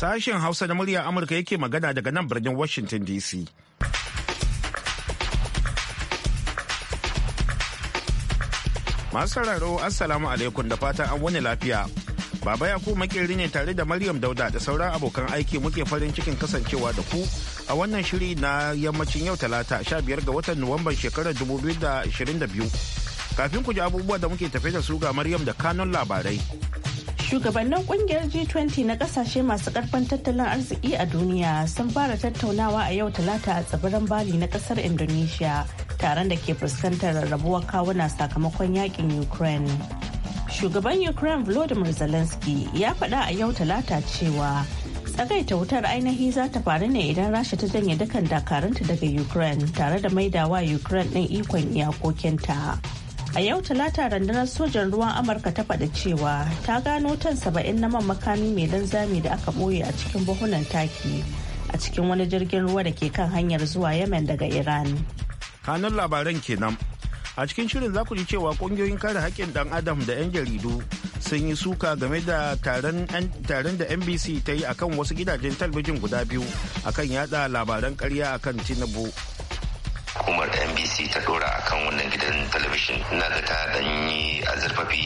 Sashen Hausa na murya Amurka yake magana daga nan birnin Washington DC. Masu sauraro Assalamu alaikum da fata an wani lafiya. Baba Yakubu makeri ne tare da Maryam Dauda da sauran abokan aiki muke farin cikin kasancewa da ku a wannan shiri na yammacin yau talata 15 ga watan Nuwamban shekarar 2022. Kafin ku ji abubuwa da muke tafe da su ga Maryam da kanun labarai. shugabannin kungiyar g20 na kasashe masu karfin tattalin arziki a duniya sun fara tattaunawa a yau talata a tsibirin bali na kasar indonesia taron da ke fuskantar rarrabuwar kawuna sakamakon yakin ukraine shugaban ukraine volodymyr zelensky ya faɗa a yau talata cewa tsagaita wutar ainihi za ta faru ne idan rasha ta janye dukan dakarunta daga ukraine tare da maidawa ukraine ɗin ikon iyakokinta. A yau talata rundunar sojan ruwan Amurka ta faɗi cewa ta gano tan saba'in na man makami mai linzami da aka ɓoye a cikin buhunan taki a cikin wani jirgin ruwa da ke kan hanyar zuwa Yemen daga Iran. Kanun labaran kenan. A cikin shirin za ku ji cewa kungiyoyin kare haƙƙin ɗan adam da 'yan jaridu sun yi suka game da taron da NBC ta yi akan wasu gidajen talabijin guda biyu akan yada labaran ƙarya akan Tinubu. hukumar NBC ta dora a kan wannan gidan talabijin na da ta danyi a zurfafi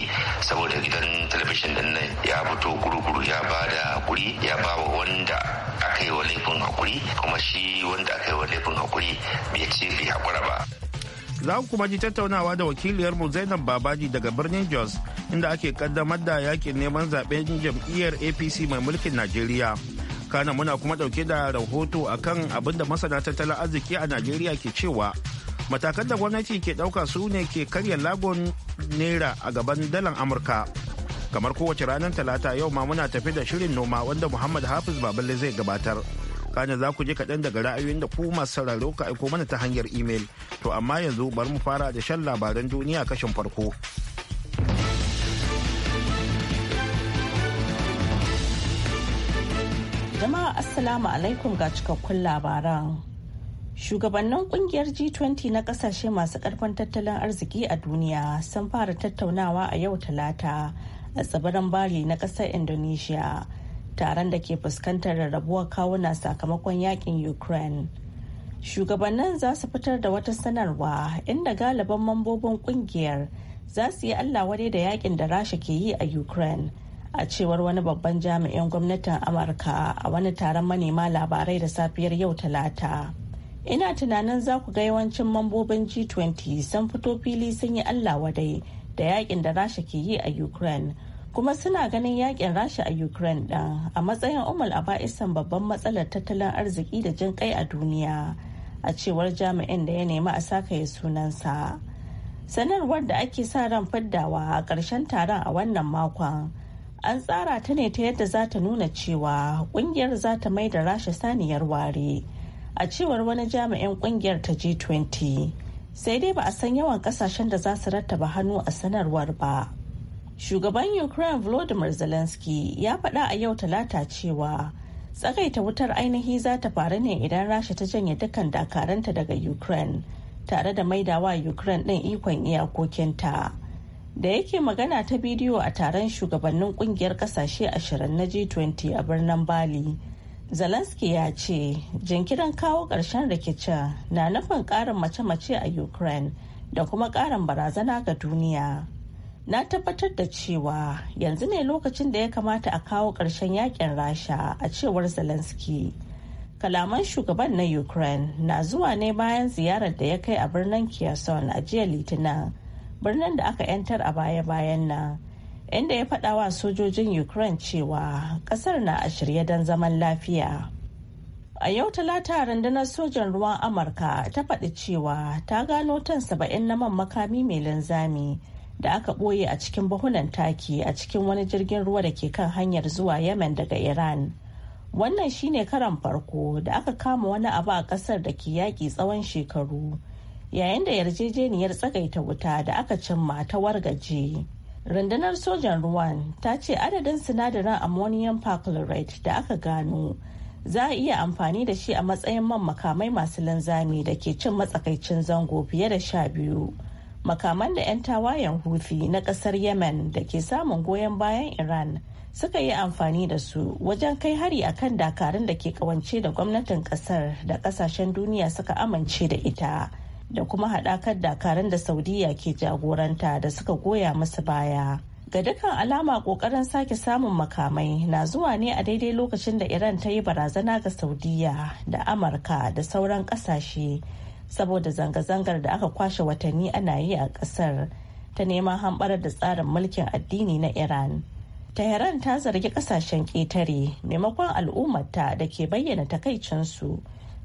saboda gidan talabijin din nan ya fito guruguru ya ba da hakuri ya ba wa wanda aka yi wa laifin hakuri kuma shi wanda aka yi wa laifin hakuri bai ce bai hakura ba. Za ku kuma ji tattaunawa da wakiliyar mu Zainab Babaji daga birnin Jos inda ake kaddamar da yakin neman zaben jam'iyyar APC mai mulkin Najeriya. kana muna kuma dauke da rahoto akan abin da masana tattalin arziki a najeriya ke cewa matakan da gwamnati ke dauka su ne ke karya lagon naira a gaban dalan amurka kamar kowace ranar talata yau ma muna tafi da shirin noma wanda muhammad hafiz baballe zai gabatar kana za ku je kaɗan daga ra'ayoyin da ku masu ka aiko mana ta hanyar imel to amma yanzu bari mu fara da shan labaran duniya kashin farko Assalamu alaikum ga cikakkun labaran. Shugabannin kungiyar G20 na kasashe masu karfin tattalin arziki a duniya sun fara tattaunawa a yau talata a tsibirin Bali na kasar Indonesia, taron da ke fuskantar rarrabuwar kawuna sakamakon yakin Ukraine. Shugabannin za su fitar da wata sanarwa inda galiban mambobin kungiyar za su yi Allah wadai da yakin da Rasha ke yi a Ukraine. a cewar wani babban jami'in gwamnatin amurka a wani taron manema labarai da safiyar yau talata ina tunanin za ku ga yawancin mambobin g20 sun fito fili sun yi allah wadai da yakin da rasha ke yi a ukraine kuma suna ganin yakin rasha a ukraine ɗin a matsayin umar aba'isan babban matsalar tattalin arziki da jin kai a duniya a cewar jami'in da ya nemi a sakaye sunansa sanarwar da ake sa ran fiddawa a ƙarshen taron a wannan makon an tsara ta ne ta yadda za ta nuna cewa kungiyar za ta mai da rasha saniyar ware a cewar wani jami'in kungiyar ta g20 sai dai ba a san yawan kasashen da za su rattaba hannu a sanarwar ba shugaban ukraine volodymyr zelensky ya faɗa a yau talata cewa tsagaita wutar ainihi za ta faru ne idan rasha ta janye dukkan dakaranta daga ukraine tare da maidawa ukraine ɗin ikon iyakokinta. da yake magana ta bidiyo a taron shugabannin kungiyar kasashe ashirin na g20 a birnin bali zelensky ya ce jinkirin kawo ƙarshen rikicin na nufin ƙarin mace-mace a ukraine da kuma ƙarin barazana ga duniya na tabbatar da cewa yanzu ne lokacin da ya kamata a kawo ƙarshen yakin rasha a cewar zelensky kalaman shugaban na ukraine na zuwa ne bayan ziyarar da ya kai a birnin kherson a jiya litinin birnin da aka 'yantar a baya-bayan nan inda ya faɗa wa sojojin ukraine cewa ƙasar na a shirye don zaman lafiya a yau talata rundunar sojan ruwan amurka ta faɗi cewa ta gano tan saba'in na man makami mai linzami da aka ɓoye a cikin buhunan taki a cikin wani jirgin ruwa da ke kan hanyar zuwa yemen daga iran wannan shine karan farko da aka kama wani abu a ƙasar da ke yaƙi tsawon shekaru yayin da yarjejeniyar tsagaita wuta da aka cimma ta wargaje. rundunar sojan ruwan ta ce adadin sinadarin ammonium perchlorate da aka gano za a iya amfani da shi a matsayin man makamai masu linzami da ke cin matsakaicin zango fiye da sha biyu makaman da 'yan tawayen hufi na kasar yemen da ke samun goyon bayan iran suka yi amfani da su wajen kai hari a kan dakarun da ke kawance da gwamnatin kasar da kasashen duniya suka amince da ita da kuma haɗakar dakarun da saudiya ke jagoranta da suka goya masa baya ga dukkan alama kokarin sake samun makamai na zuwa ne a daidai lokacin da iran ta yi barazana ga saudiya da amurka da sauran kasashe saboda zanga-zangar da aka kwashe watanni ana yi a kasar ta neman hamɓarar da tsarin mulkin addini na iran Tehran ta zargi kasashen ƙetare maimakon al'ummarta da ke bayyana takaicinsu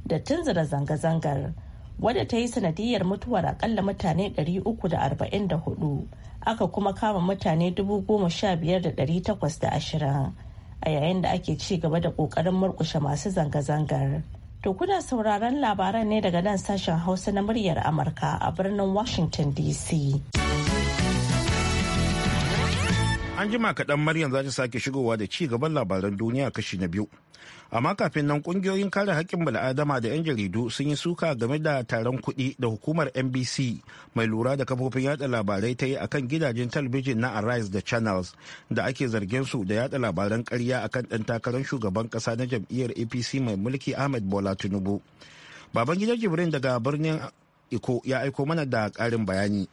da tunzura zanga-zangar wadda ta yi sanadiyar mutuwar akalla mutane 344 aka kuma kama mutane 15,820 a yayin da ake ci gaba da kokarin murkushe masu zanga-zangar. To kuna sauraron labaran ne daga nan sashen Hausa na muryar Amurka a birnin Washington DC. An jima kaɗan Maryam za ta sake shigowa da ci gaban labaran duniya kashi na biyu. amma kafin nan kungiyoyin kare haƙƙin bal'adama da 'yan jaridu sun yi suka game da taron kuɗi da hukumar nbc mai lura da kafofin yada labarai ta yi a kan gidajen talabijin na arise da channels da ake zargin su da yada labaran ƙarya kan ɗan takarar shugaban ƙasa na jam'iyyar apc mai mulki ahmed bola tinubu baban gidan jibrin daga birnin iko ya aiko mana da ƙarin bayani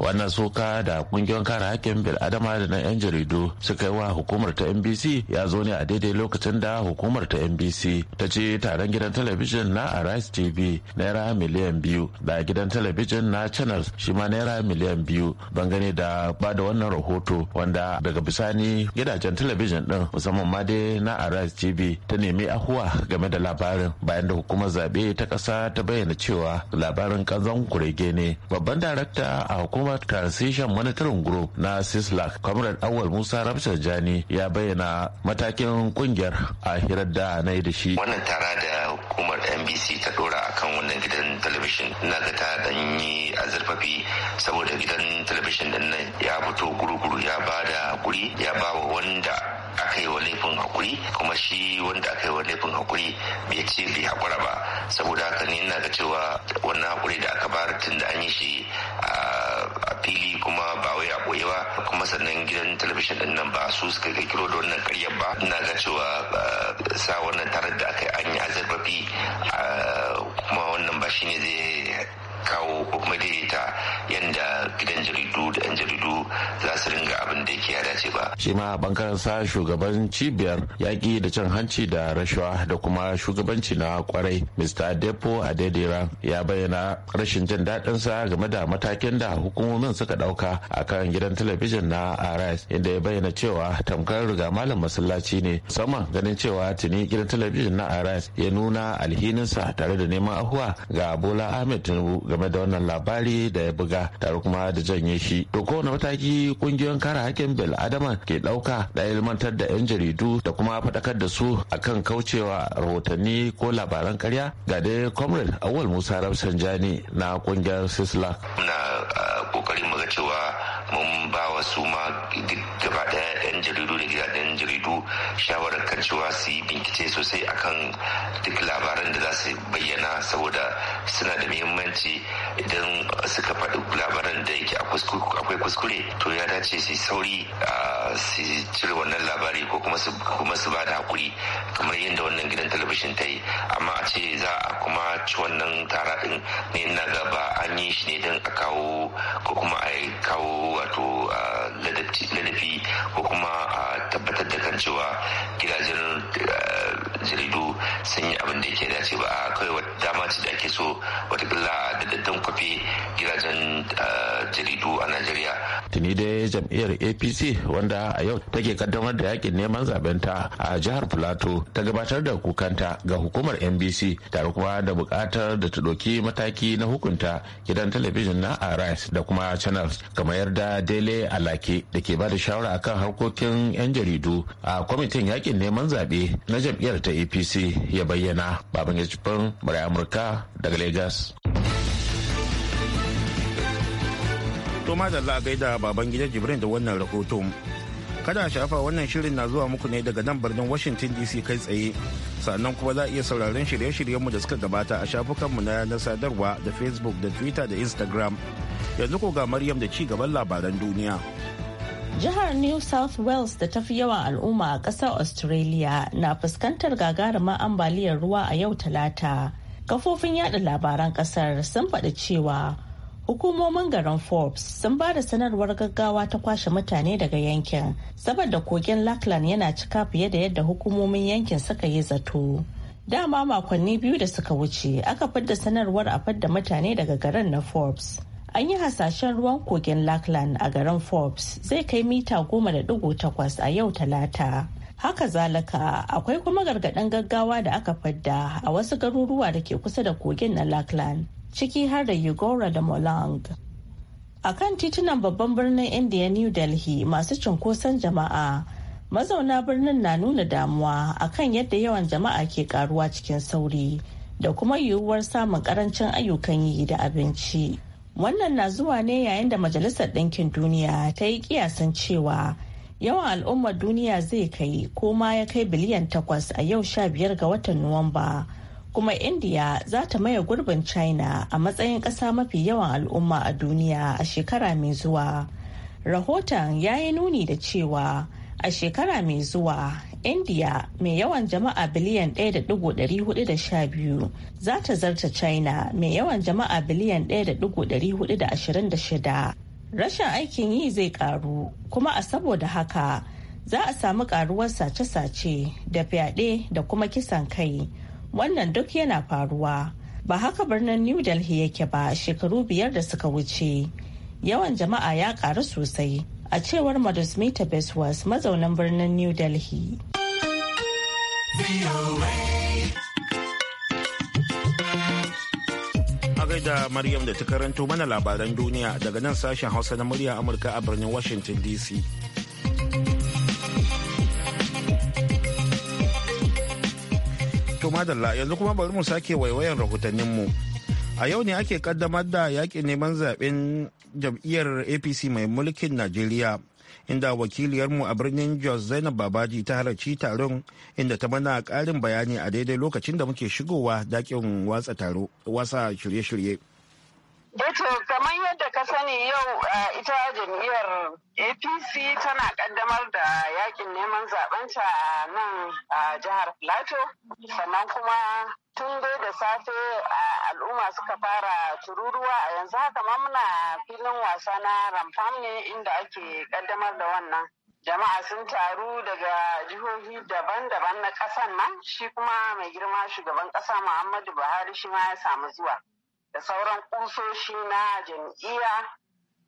wannan suka da ƙungiyar kare hakkin bil adama da na yan jaridu suka yi wa hukumar ta NBC ya zo ne a daidai lokacin da hukumar ta NBC ta ce taron gidan talabijin na Arise TV naira miliyan biyu da gidan talabijin na Channels shi ma naira miliyan biyu bangane da ba da wannan rahoto wanda daga bisani gidajen talabijin din musamman ma dai na Arise TV ta nemi ahuwa game da labarin bayan da hukumar zaɓe ta kasa ta bayyana cewa labarin ƙazan kurege ne babban darakta a hukumar hukumar transition monitoring group na SISLAC, comrade awal musa rafsar jani ya bayyana matakin kungiyar a hirar da na yi da shi wannan tara da hukumar nbc ta dora kan wannan gidan talabishin na ga ta danyi a saboda gidan talabishin din nan ya fito guruguru ya ba da guri ya ba wa wanda aka yi wa laifin hakuri kuma shi wanda aka yi wa laifin hakuri bai ce bai hakura ba saboda haka ne ina ga cewa wannan hakuri da aka bayar tun da an yi shi a fili kuma ba wai a ɓoye ba kuma sannan gidan talabijin din nan ba su suka kirkiro da wannan karyar ba ina ga cewa eh, sa wannan tarar da aka yi an yi azabafi eh, kuma wannan ba ne zai kawo ko kuma yadda gidan jaridu da 'yan jaridu za su ringa abin da yake ya dace ba. shi ma a sa shugaban cibiyar yaƙi da cin hanci da rashawa da kuma shugabanci na kwarai mr depo adedira ya bayyana rashin jin daɗin sa game da matakin da hukumomin suka ɗauka a kan gidan talabijin na rs inda ya bayyana cewa tamkar riga malam masallaci ne musamman ganin cewa tuni gidan talabijin na rs ya nuna alhininsa tare da neman ahuwa ga bola ahmed tinubu game da wannan labari da ya buga tare kuma da janye shi to kowane mataki kungiyoyin kare hakkin bil adama ke dauka da ilmantar da yan jaridu da kuma faɗakar da su akan kaucewa rahotanni ko labaran karya ga dai comrade awal musa rafsanjani na kungiyar sisla muna kokarin ah, mu ga cewa mun ba wa su ma gaba yan jaridu da gida shawarar kan cewa su yi bincike sosai akan duk labaran da za su bayyana saboda suna da muhimmanci idan suka faɗi labaran da yake akwai kuskure to ya dace su sauri su cire wannan labari ko kuma su ba da hakuri kamar yadda wannan gidan talabijin ta yi amma a ce za a kuma ci wannan tara din ne na gaba an yi shi ne don a kawo ko kuma a kawo wato ladafi ko kuma a tabbatar da kan cewa gidajen eh, jaridu sun yi abin da yake dace ba a ah, kawai dama ce da ake so watakila da daddan kwafi gidajen eh, jaridu a najeriya tuni dai jam'iyyar apc wanda a yau take kaddamar da yakin neman zaben ta a jihar plateau ta gabatar da kukanta ga hukumar nbc tare kuma da bukatar da ta ɗauki mataki na hukunta gidan talabijin na arise da kuma channels kamar yarda dele alake da ke ba da shawara akan harkokin 'yan jaridu a kwamitin kwamitin yakin neman zaɓe na jam'iyyar ta apc ya bayyana baban ya cifin amurka daga lagos to a gaida baban gidan jibrin da wannan rahoto kada shafa wannan shirin na zuwa muku ne daga nan birnin washington dc kai tsaye sannan kuma za a iya sauraron shirye-shiryenmu da suka gabata a shafukanmu na yanar sadarwa da facebook da twitter da instagram yanzu ko ga maryam da ci gaban labaran duniya Jihar New South Wales da tafi yawan al'umma a ƙasar Australia na fuskantar gagarumin ambaliyar ruwa a yau talata. Kafofin yada labaran ƙasar sun faɗi cewa hukumomin garin Forbes sun ba da sanarwar gaggawa ta kwashe mutane daga yankin saboda kogin Lachlan yana cika fiye da yadda hukumomin yankin suka yi zato. Dama makonni biyu da suka wuce aka fidda sanarwar a fadda mutane daga garin na Forbes. an yi hasashen ruwan kogin lakland a garin forbes zai kai mita goma da digo takwas a yau talata haka zalaka akwai kuma gargaɗin gaggawa da aka fadda a wasu garuruwa da ke kusa da kogin na lakland ciki har da yugora da molang a kan titunan babban birnin india new delhi masu cunkoson jama'a mazauna birnin na nuna damuwa akan yadda yawan jama'a ke karuwa cikin sauri da kuma yiwuwar samun karancin ayyukan yi da abinci Wannan na zuwa ne yayin da Majalisar Ɗinkin Duniya ta yi kiyasan cewa yawan al'ummar duniya zai kai ko ma ya kai biliyan takwas a yau sha biyar ga watan Nuwamba. Kuma indiya za ta maye gurbin China a matsayin ƙasa mafi yawan al'umma a duniya a shekara mai zuwa. Rahoton ya yi nuni da cewa a shekara mai zuwa Indiya mai yawan jama'a biliyan 1.412 za ta zarta china mai yawan jama'a biliyan 1.426 rashin aikin yi zai karu kuma a saboda haka za a samu karuwar sace-sace da fyaɗe da kuma kisan kai wannan duk yana faruwa ba haka birnin new delhi yake ba shekaru biyar da suka wuce yawan jama'a ya karu sosai a cewar madusmita beswas mazaunan birnin new delhi A gaida Maryam da ta karanto mana labaran duniya daga nan sashen Hausa na murya Amurka a birnin Washington DC. To yanzu kuma bari mu sake waiwayan mu A yau ne ake kaddamar da yaƙin neman zaɓen jam'iyyar APC mai mulkin Najeriya inda wakiliyarmu a birnin Jos Zainab Babaji ta halarci taron inda ta mana ƙarin bayani a daidai lokacin da muke shigowa dakin watsa taro wasa shirye-shirye. Eto eh kamar yadda ka sani yau eh, ita jam'iyyar APC tana kaddamar da yakin neman zaɓen a nan a jihar Plateau sannan kuma tun dai da safe al'umma suka fara tururuwa a yanzu haka ma muna filin wasa na Ramfam ne inda ake kaddamar da wannan. jama'a sun taru daga jihohi daban-daban na ƙasan nan shi kuma mai girma shugaban ƙasa muhammadu buhari shi ma ya samu zuwa da sauran kusoshi na jam'iyya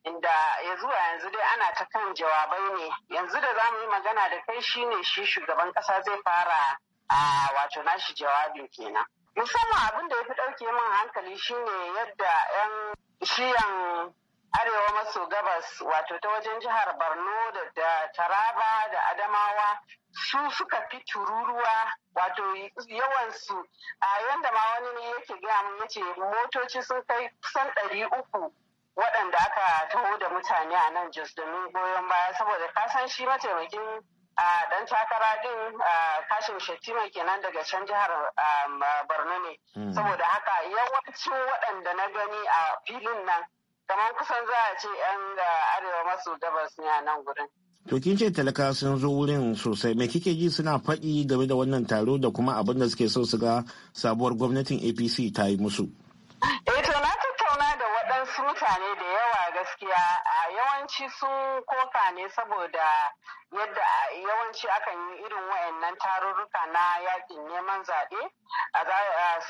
inda ya zuwa yanzu dai ana ta kan jawabai ne yanzu da za mu yi magana da kai shine shi shugaban kasa zai fara a wato nashi jawabin kenan musamman abin da ya fi ɗauke min hankali shine yadda 'yan shiyan arewa maso gabas wato ta wajen jihar borno da taraba da adamawa su suka fi tururuwa wato yawansu a yanda ma wani ne yake gaya mun yace motoci sun kai kusan ɗari uku waɗanda aka taho da mutane a nan jos domin goyon baya saboda kasan shi mataimakin a dan takara din kashin shatima kenan daga can jihar borno ne hmm. saboda haka yawancin waɗanda na gani a filin nan kamar kusan za a ce yan da arewa maso gabas ne a nan gurin. To kin ce talaka sun zo wurin sosai mai kike ji suna faɗi game da wannan taro da kuma abin da suke so su ga sabuwar gwamnatin APC ta yi musu. Eh to na wasu mutane da yawa gaskiya a yawanci sun koka ne saboda yadda yawanci akan yi irin wayannan tarurruka na yakin neman zaɓe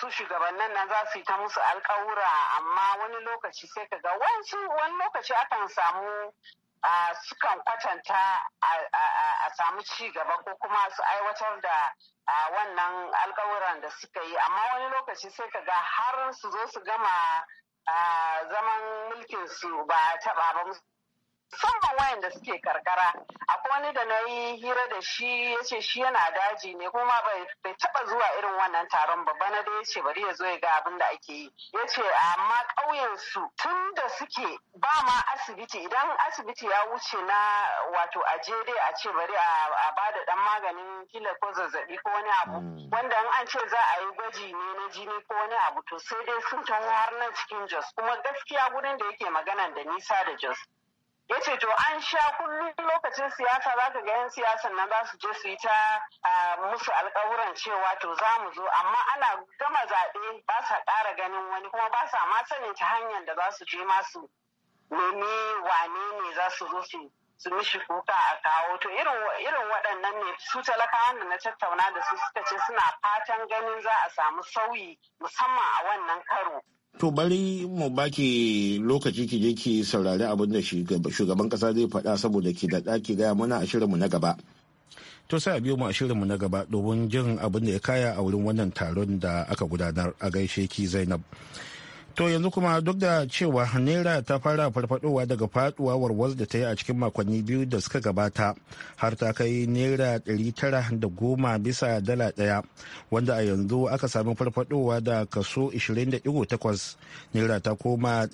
su shugabannin nan za su yi ta musu alkawura amma wani lokaci sai ka ga wani lokaci akan samu sukan kwatanta a samu ci gaba ko kuma su aiwatar da wannan alkawuran da suka yi amma wani lokaci sai ka ga har su zo su gama a zaman mulkin su ba taɓa ba musamman wayanda suke karkara akwai wani da na yi hira da shi ya ce shi yana daji ne kuma bai taba zuwa irin wannan taron ba bana da ya ce bari ya zo ya ga abin da ake yi ya ce amma ƙauyen su tun da suke ba ma asibiti idan asibiti ya wuce na wato a je dai a ce bari a ba da dan maganin kila ko zazzabi ko wani abu mm. wanda in an ce za a yi gwaji ne na jini ko wani abu to sai dai sun taho har nan cikin jos kuma gaskiya gurin da yake maganan da nisa da jos ya ce to an sha kullum lokacin siyasa za ka ga 'yan siyasan nan za su je su yi ta musu alkawuran cewa to za mu zo amma ana gama zaɓe ba sa ƙara ganin wani kuma ba sa ma sanin ta hanyar da za su je masu nemi wane ne za su zo su su mishi kuka a kawo to irin waɗannan ne su talakawan da na tattauna da su suka ce suna fatan ganin za a samu sauyi musamman a wannan karo To bari mu baki lokaci ki je ki saurari abin da shugaban kasa zai faɗa saboda ki da ɗaki gaya mana a shirinmu na gaba. To sai a biyo mu a shirinmu na gaba domin jin abin da ya kaya a wurin wannan taron da aka gudanar a gaishe ki Zainab. To yanzu kuma duk da cewa Naira ta fara farfadowa daga faduwa warwas da ta yi a cikin makonni biyu da suka gabata har ta kai Naira ɗari tara da goma bisa dala ɗaya wanda a yanzu aka sami farfadowa da kaso takwas Naira ta koma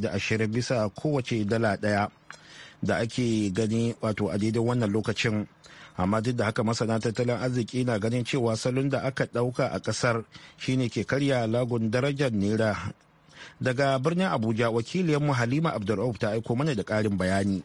da ashirin bisa kowace dala ɗaya da ake gani wato a daidai wannan lokacin. amma duk da haka masana tattalin arziki na ganin cewa salon da aka ɗauka a kasar shine ke karya lagun darajar naira daga birnin abuja wakiliyar mu halima abdulrauf ta aiko mana da karin bayani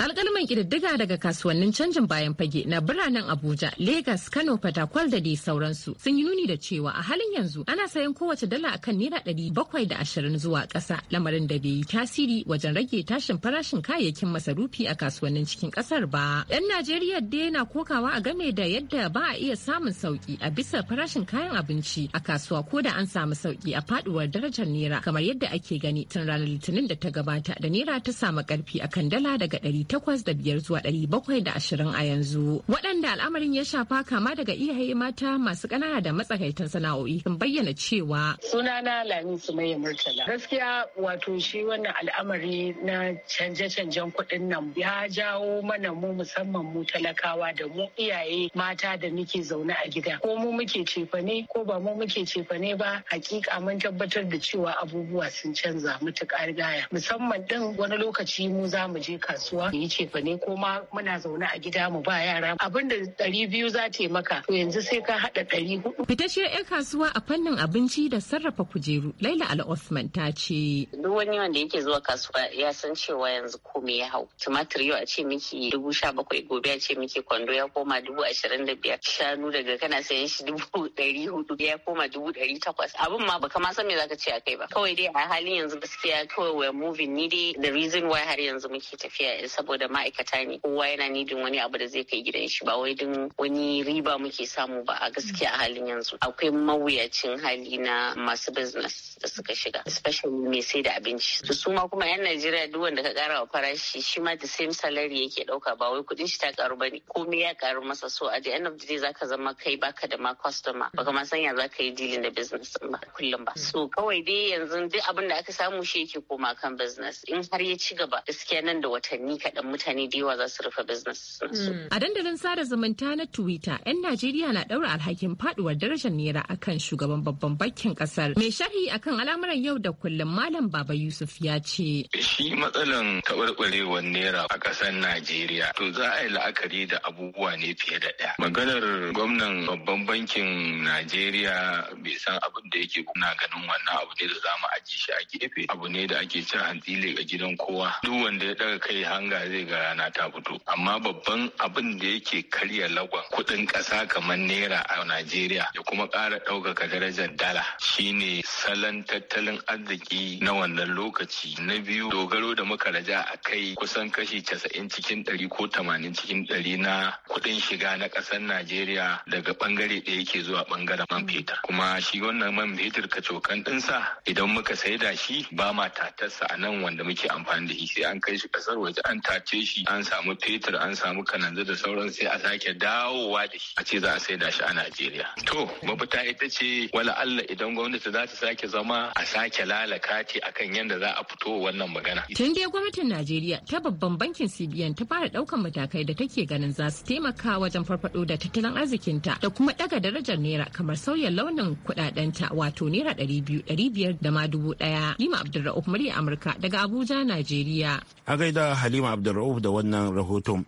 alkalman ƙididdiga daga kasuwannin canjin bayan fage na biranen abuja legas kano fatakwal da dai sauransu sun yi nuni da cewa a halin yanzu ana sayan kowace dala akan naira ɗari bakwai da ashirin zuwa ƙasa lamarin da bai yi tasiri wajen rage tashin farashin kayayyakin masarufi a kasuwannin cikin ƙasar ba yan najeriya dai na kokawa a game da yadda ba a iya samun sauki a bisa farashin kayan abinci a kasuwa ko da an samu sauki a faduwar darajar nera kamar yadda ake gani tun ranar litinin da ta gabata da naira ta samu karfi akan dala daga ɗari biyar zuwa 720 a yanzu. Waɗanda al'amarin ya shafa kama daga iyaye mata masu ƙanana da matsakaitan sana'o'i sun bayyana cewa. Sunana Lami Sumayya Murtala. Gaskiya wato shi wannan al'amari na canje-canjen kuɗin nan ya jawo mana mu musamman mu talakawa da mu iyaye mata da muke zaune a gida. Ko mu muke cefane ko ba mu muke cefane ba hakika mun tabbatar da cewa abubuwa sun canza mutuƙar gaya. Musamman ɗin wani lokaci mu za mu je kasuwa fa ne ko ma muna zaune a gida mu ba yara abin da ɗari biyu za ta yi maka to yanzu sai ka haɗa ɗari hudu. Fitashiyar 'yan kasuwa a fannin abinci da sarrafa kujeru Laila Al Osman ta ce. Duk wani wanda yake zuwa kasuwa ya san cewa yanzu komai ya hau. Tumatir yau a ce miki dubu sha bakwai gobe a ce miki kwando ya koma dubu ashirin da biyar. Shanu daga kana sayan shi dubu ɗari hudu ya koma dubu ɗari takwas. Abin ma baka ma san me zaka ce a kai ba. Kawai dai a halin yanzu gaskiya kawai we're moving ni dai the reason why har yanzu muke tafiya saboda saboda ma'aikata ne kowa yana nidin wani abu da zai kai gidan shi ba wai din wani riba muke samu ba a gaskiya a halin yanzu akwai mawuyacin hali na masu business da suka shiga especially mai sai da abinci to su ma kuma yan Najeriya duk wanda ka kara farashi shi ma the same salary yake dauka ba wai kudin shi ta karu bane komai ya karu masa so a the end of the day zaka zama kai baka da ma customer baka ma san ya zaka yi dealing da business ba kullum ba so kawai dai yanzu duk abin da aka samu shi yake koma kan business in har ya ci gaba gaskiya nan da watanni ka kaɗan mutane diwa za su rufe business mm. A dandalin sada zumunta na Twitter, 'yan Najeriya na ɗaura alhakin faduwar darajar naira akan shugaban babban bankin ƙasar. Mai sharhi akan al'amuran yau da kullum Malam Baba Yusuf ya ce. Shi matsalan taɓarɓarewar naira a ƙasar Najeriya to za a yi la'akari da abubuwa ne fiye da ɗaya. Maganar gwamnan babban bankin Najeriya bai san abin da yake kuna ganin wannan abu ne da za mu aji shi a gefe abu ne da ake cin hantsi ga gidan kowa duk wanda ya ɗaga kai hanga Allah zai ga rana ta fito amma babban abin da yake karya lagon kuɗin ƙasa kamar naira a Najeriya ya kuma ƙara ɗaukaka darajar dala shine salon tattalin arziki na wannan lokaci na biyu dogaro da muka raja a kai kusan kashi casa'in cikin ɗari ko tamanin cikin ɗari na kuɗin shiga na ƙasar Najeriya daga ɓangare da yake zuwa ɓangaren man fetur kuma shi wannan man fetur kacokan ɗinsa idan muka saida shi ba ma tatarsa a nan wanda muke amfani da shi sai an kai shi ƙasar waje an tace shi an samu fetur an samu kananzu da sauran sai a sake dawowa da shi a ce za a da shi a Najeriya. To mafita ita ce wala Allah idan gwamnati za ta sake zama a sake lalaka ce kan yadda za a fito wannan magana. Tun dai gwamnatin Najeriya ta babban bankin CBN ta fara daukan matakai da take ganin za su taimaka wajen farfado da tattalin arzikinta da kuma daga darajar naira kamar sauya launin kudadenta wato naira ɗari biyu ɗari biyar da ma dubu ɗaya. lima Abdulra'uf a Amurka daga Abuja Najeriya. A gaida Halima Abdulrauf da wannan rahoton.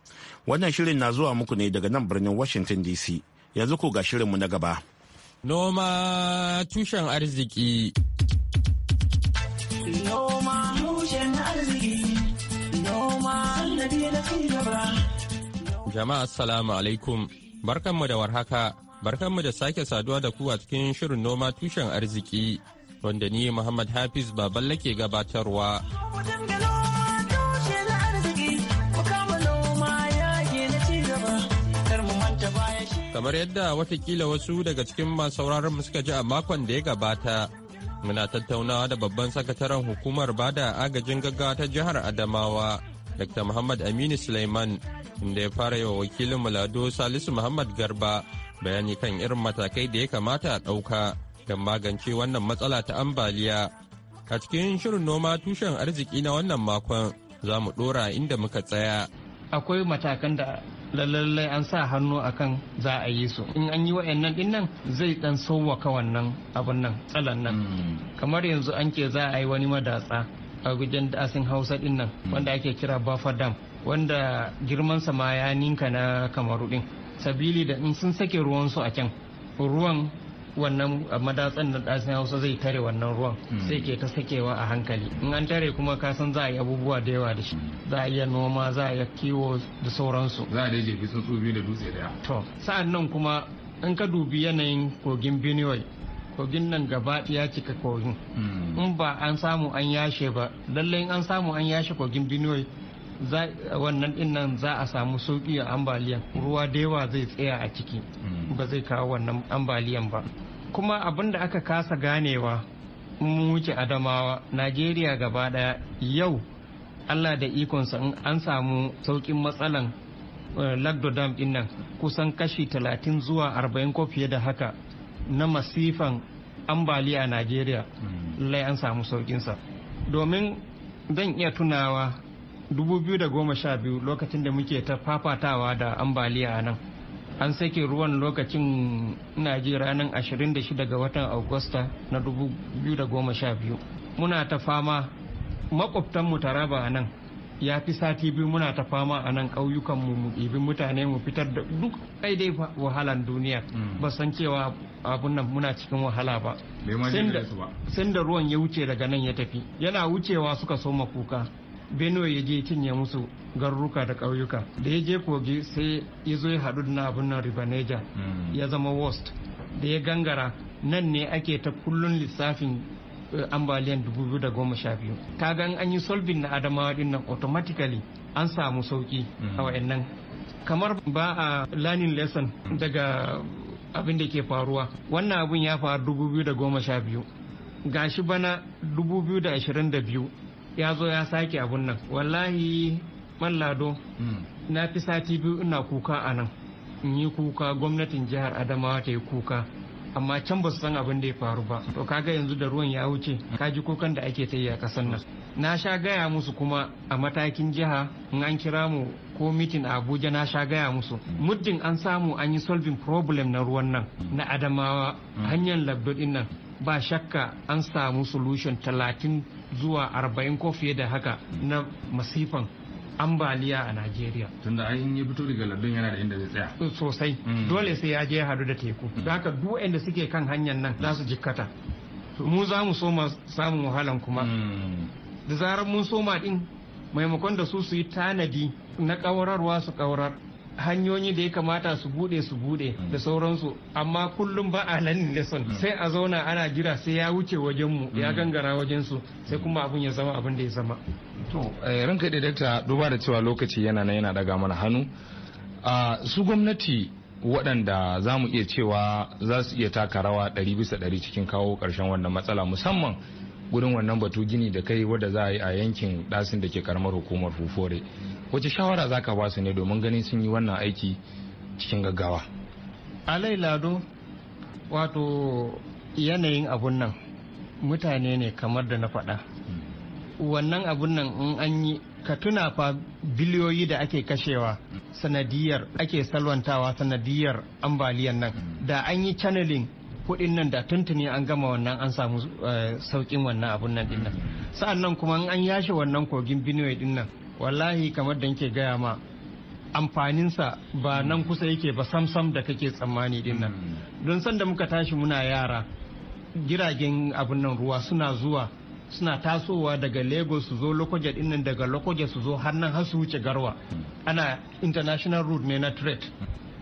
Wannan shirin na zuwa muku ne daga nan birnin Washington DC. Yanzu ko ga shirinmu na gaba. Noma tushen arziki. Jama'a assalamu alaikum. Barkanmu da warhaka. Barkanmu da sake saduwa da ku a cikin shirin noma tushen arziki wanda ni Muhammad Hafiz Baballe ke gabatarwa. kamar yadda watakila wasu daga cikin masu sauraron suka ji a makon da ya gabata muna tattaunawa da babban sakataren hukumar bada agajin gaggawa ta jihar adamawa dr muhammad aminu suleiman inda ya fara yi wa wakilin mulado salisu muhammad garba bayani kan irin matakai da ya kamata a ɗauka don magance wannan matsala ta ambaliya a cikin shirin noma tushen arziki na wannan makon za mu ɗora inda muka tsaya akwai matakan da lallai an sa hannu akan za a yi su in an yi wa'annan din zai dan sauwaka wannan abun nan tsalan nan mm. kamar yanzu an ke za a yi wani madatsa a gujen asin hausa din mm. wanda ake kira buffer dam wanda girman ma ya ninka na kamaru din sabili da in sun sake ruwan su a can ruwan wannan madatsan na ɗasin hausa zai tare wannan ruwan hmm. sai ke ta sakewa a hankali in an tare kuma ka san za a yi abubuwa da yawa da shi hmm. za a iya noma za a iya kiwo da sauransu za a da jefi tsuntsu biyu da dutse daya to sa'an nan kuma in ka dubi yanayin kogin benue kogin nan gaba ya cika kogin hmm. in ba an samu an yashe ba lallai an samu an yashe kogin benue wannan dinnan za a samu sauki a ambaliyan ruwa da yawa zai tsaya a ciki hmm. ba zai kawo wannan ambaliyan ba kuma abin da aka kasa ganewa mun wuce adamawa najeriya gaba daya yau allah da ikonsa an samu saukin matsalan eh, lagdo dam dinnan. kusan kashi 30 zuwa 40 ko fiye da haka na masifan ambaliya a najeriya hmm. lai an samu saukinsa domin zan iya tunawa 2012 lokacin da muke ta fafatawa da ambaliya a nan an sake ruwan lokacin ina ji ranar 26 ga watan agusta na 2012 muna ta fama makwabtanmu taraba nan ya fi sati biyu muna ta fama a nan ƙauyukan mu ibi mutane mu fitar da duk dai wahalan duniya mm. ba san cewa abun nan muna cikin wahala ba sun da ruwan ya wuce daga nan ya tafi yana wucewa suka soma kuka benue ya je cinye musu garuruka da ƙauyuka da ya je kogi sai ya zo ya haɗu na abin nan ribaneja hmm. ya zama worst da ya gangara nan ne ake ta kullun lissafin eh, ambaliyan 2012 gan an yi solving na adamawa din nan automatically an samu sauki a hmm. wa'annan kamar ba a learning lesson hmm. daga abin da ke faruwa wannan abin ya faru 2012 gashi bana 2022 ya zo ya sake abun nan wallahi man lado hmm. na fi sati biyu ina kuka a nan in yi kuka gwamnatin jihar adamawa ta yi kuka amma can ba su san abin da ya faru ba to kaga yanzu da ruwan ya wuce ka ji kukan da ake ta yi a kasan nan na sha gaya musu kuma a matakin jiha in an kira mu ko mitin a abuja na sha gaya musu muddin an samu an yi solving problem na ruwan nan na adamawa hmm. hanyar labdo nan ba shakka an samu solution talatin zuwa arba'in ko fiye da haka na masifan ambaliya a Najeriya. Tunda an yi fito daga lardun yana da inda zai tsaya. Eh, sosai. Mm. Dole sai ya je ya hadu da teku. Mm. Da haka duk waɗanda suke kan hanyar nan za su jikkata. Mu za mu soma samun wahalan kuma. Mm. Da zarar mun soma din maimakon da su su yi tanadi na kawararwa su kawarar hanyoyi da ya kamata su bude su bude hmm. da sauransu amma kullum ba a nan da son hmm. sai a zauna ana jira sai ya wuce wajen ya hmm. gangara wajen sai kuma abun ya zama abin da ya zama to eh, ranka da dakta duba da cewa lokaci yana nan yana daga mana hannu ah, su gwamnati waɗanda za mu iya cewa za su iya taka rawa ɗari bisa ɗari cikin kawo ƙarshen wannan matsala musamman gurin wannan batu gini da kai wadda za a yi a yankin ɗasin da ke karamar hukumar fufore wace shawara za ka basu ne domin ganin sun yi wannan aiki cikin gaggawa A lado wato yanayin abun nan mutane ne kamar da na faɗa wannan abun nan in an yi ka tuna fa biliyoyi da ake kashewa sanadiyar ake salwantawa sanadiyar ambaliyan nan da an yi channeling kudin nan da tuntuni an gama wannan an samu eh, saukin wannan abun nan dinnan sa'an nan kuma an yashe wannan kogin benue dinnan wallahi kamar da nke gaya ma amfaninsa ba hmm. nan kusa yake ba samsam da kake tsammani din nan hmm. don sanda muka tashi muna yara jiragen abin nan ruwa suna zuwa suna tasowa daga lagos su zo lokoja din daga lokoja su zo har nan har su wuce garwa hmm. ana international route ne na trade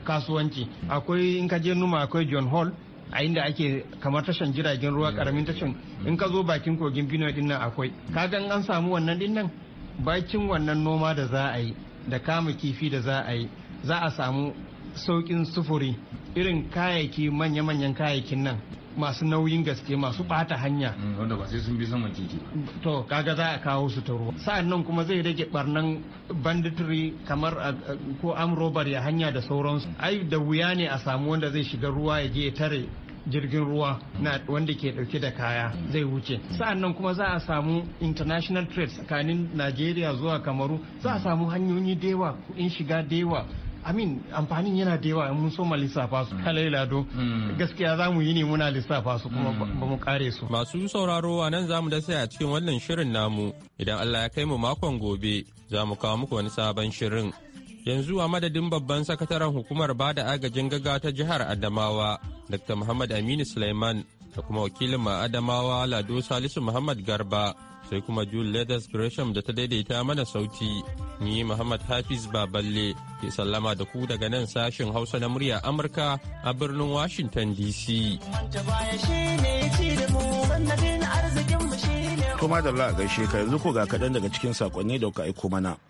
kasuwanci akwai in ka je numa akwai john hall a inda ake kamar tashan jiragen ruwa karamin tashan in ka zo bakin kogin bino din nan akwai kagan an samu wannan dinnan. bakin wannan noma da za a yi da kama kifi da za a yi za a samu saukin sufuri irin kayayyaki manya-manyan kayayyakin nan masu nauyin gaske masu bata hanya mm, wanda ba sai sun bi saman titi to kaga za a kawo su ta ruwa sa'an nan kuma zai rage barnan banditry kamar ko amrobar ya hanya da sauransu ai da wuya ne a samu wanda zai shiga ruwa ya je ya tare jirgin ruwa na wanda ke dauke da kaya zai wuce sa'annan kuma za a samu international trade tsakanin Najeriya zuwa Kamaru za a samu hanyoyi da yawa kuɗin shiga da yawa amin amfanin yana da yawa mun so ma lissafa su mm. kalai lado mm. gaskiya za mu yi ne muna lissafa su kuma mm. ba mu kare su masu sauraro a nan za mu dasa a cikin wannan shirin namu idan Allah ya kai mu makon gobe za mu kawo muku wani sabon shirin yanzu a madadin babban sakataren hukumar ba da agajin gaga ta jihar adamawa dr muhammad aminu suleiman da kuma wakilin ma adamawa lado salisu muhammad garba sai kuma jule leathers gresham da ta daidaita mana sauti ni muhammad hafiz baballe ke sallama da ku daga nan sashen hausa na murya amurka a birnin washington dc kuma da la gaishe ka yanzu ko ga kaɗan daga cikin saƙonni da ka aiko mana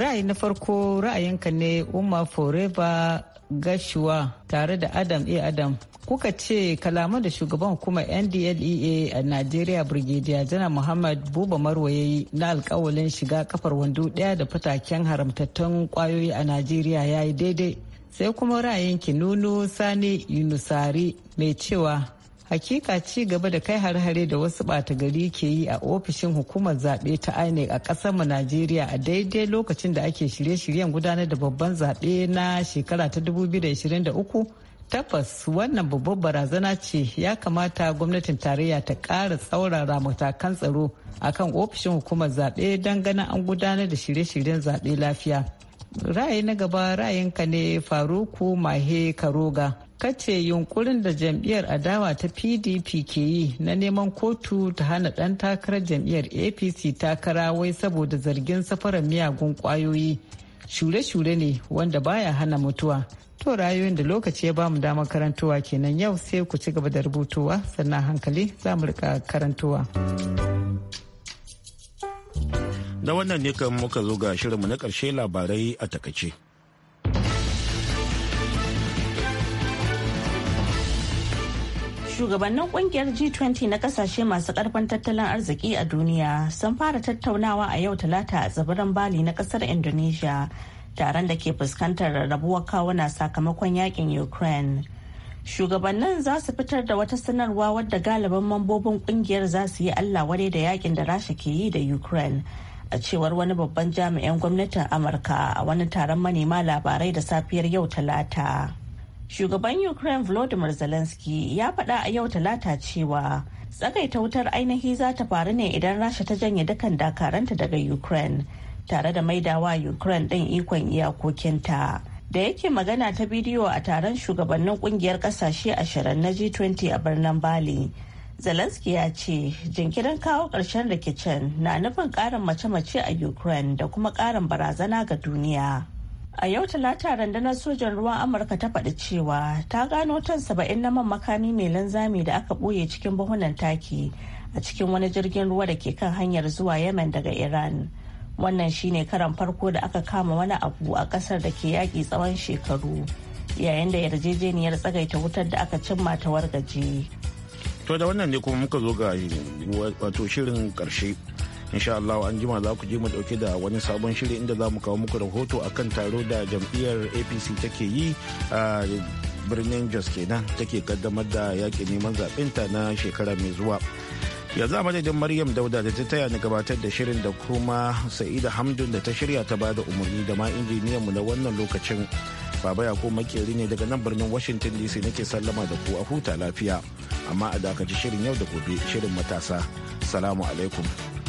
ra'ayi na farko ra'ayinka ne umma forever gashuwa tare da adam a adam kuka ce kalama da shugaban hukumar ndlea a najeriya brigadier janar muhammad buba marwaye na alkawalin shiga kafar wando daya da fataken haramtattun kwayoyi a najeriya ya yi daidai sai kuma ra'ayin ki nuno sani yunusari mai cewa hakika ci gaba da kai har-hare da wasu ɓata gari ke yi a ofishin hukumar zaɓe ta inec a ƙasar mu najeriya a daidai lokacin da ake shirye-shiryen gudanar da babban zaɓe na shekara ta 2023 tabbas wannan babbar barazana ce ya kamata gwamnatin tarayya ta ƙara tsaurara matakan tsaro akan ofishin hukumar zaɓe don ganin an gudanar da shirye-shiryen zaɓe lafiya ra'ayi na gaba ra'ayinka ne faruku mahe karoga kace yunkurin da jam'iyyar adawa ta pdp ke yi na neman kotu ta hana ɗan takarar jam'iyyar apc takara wai saboda zargin safarar miyagun kwayoyi shure-shure ne wanda baya hana mutuwa to rayuwar da lokaci ya bamu damar karantowa kenan yau sai ku ci gaba da rubutuwa sannan hankali za mu rika karantowa da wannan ne kan muka zo ga shirinmu na karshe labarai a takaice. shugabannin kungiyar G20 na kasashe masu karfin tattalin arziki a duniya sun fara tattaunawa a yau talata a tsibirin Bali na kasar Indonesia taron da ke fuskantar rarrabuwar kawuna sakamakon yakin Ukraine. Shugabannin za su fitar da wata sanarwa wadda galibin mambobin kungiyar za su yi Allah wadai da yakin da Rasha ke yi da Ukraine. a cewar wani babban jami'an gwamnatin amurka a wani taron manema labarai da safiyar yau talata Shugaban Ukraine Volodymyr Zelensky ya faɗa a yau talata cewa tsagaita wutar ainihi za ta faru ne idan Rasha ta janye dukkan dakaranta daga Ukraine tare da maidawa Ukraine ɗin ikon iyakokinta. Da yake magana ta bidiyo a taron shugabannin kungiyar ƙasashe ashirin na G20 a birnin Bali. Zelensky ya ce jinkirin kawo ƙarshen rikicin na nufin ƙarin mace-mace a Ukraine da kuma ƙarin barazana ga duniya. A yau talata rundunar sojan ruwan Amurka ta faɗi cewa ta gano tan saba'in na man makami mai linzami da aka ɓoye cikin buhunan taki a cikin wani jirgin ruwa da ke kan hanyar zuwa Yemen daga Iran. Wannan shine karan farko da aka kama wani abu a ƙasar da ke yaƙi tsawon shekaru yayin da yarjejeniyar tsagaita wutar da aka cimma ta wargaje. To da wannan ne kuma muka zo ga wato shirin karshe. insha Allah an jima za ku je mu dauke da wani sabon shiri inda za mu kawo muku rahoto akan taro da jam'iyyar APC take yi a birnin Jos kenan take kaddamar da yaƙi neman ta na shekara mai zuwa. yanzu a madadin maryam dauda da ta taya ni gabatar da shirin da kuma sa'ida hamdun da ta shirya ta bada umarni da ma injiniyan mu na wannan lokacin baba ya makeri ne daga nan birnin washington dc nake sallama da ku a huta lafiya amma a dakaci shirin yau da gobe shirin matasa salamu alaikum